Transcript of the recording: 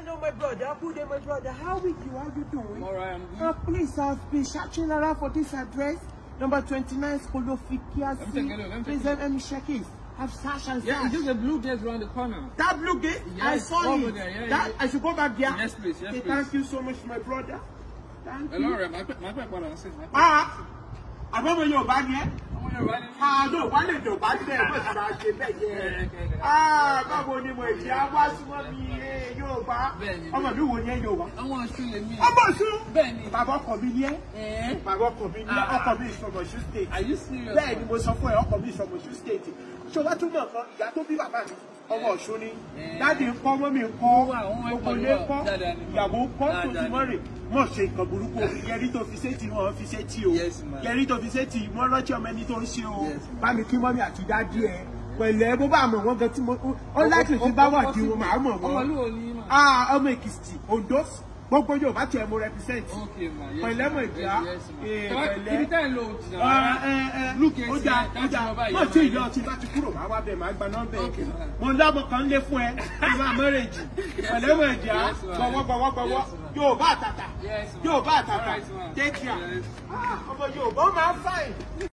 Hello, my brother. Abude, my brother. How are you? How are you doing? All I'm good. Oh, please, I've uh, been searching around for this address. Number 29, Skolofikia. Please, let me check it. I've searched and searched. Yeah, just a blue gate around the corner. That blue gate? Yes, I saw over it. There, yeah, that, yeah. I should go back there. Yes, please. Yes, Say, please. Thank you so much, my brother. Thank Hello, you. Hello, my my brother. Ah, I remember you were bag, here àánú wà lè dùn bá tẹ̀ bó ti máa ṣe bẹ́ẹ̀ yẹ. Ah, báwo ni mo ìṣe á wá súnmọ́ mi eh, yóò bá ọmọ mi wò ni ẹ yóò wá. ọmọ ọṣù lè mi. ọmọ ọṣù. bàbá ọkọ mi ni ẹ. Eh? bàbá ọkọ mi ni ah. ọkọ mi ìṣọmọṣù state. are you mo sọ fún ẹ ọkọ mi ìṣọmọṣù state. ṣé wàá túmọ̀ kan ìyá tó bí bàbá mi ọmọ eh. ọ̀ṣun ni dáàdi ń kọ́ mọ́mí ń kọ́ ọkọ̀ lé ń kọ́ ìyàwó mọ̀ ṣe nǹkan burúkú yẹrí tó fi sétí wọn fi sétí o yẹrí tó fi sétí wọn rántí ọmọ ẹni tó ń ṣe o bá mi kí mọ́mí àti dádì ẹ pẹ̀lẹ́ bó bá mọ̀ wọ́n gan tí mo ó láti fi bá wà di wọn màá mọ̀ wọ́n ọmọ ah, Èkìtì Ondo gbogbo yorùbá tiẹ̀ mo represent pẹ̀lẹ́mọ̀ ìgbà pẹ̀lẹ́ ọjà ọjà mọ̀ tí ìyá ọtí bá ti kúrò máa wá bẹ̀ máa gba nọ́mbà ẹ̀kẹ́ mo lábọ̀ kan lé fún ẹ ìwà mẹ́rẹ̀jì pẹ̀lẹ́mọ̀ ìgbà gbọwọ́gbọwọ́gbọwọ́ yorùbá àtàtà yorùbá àtàtà jẹ́ kíá ah, ọmọ yorùbá ó máa fáìn.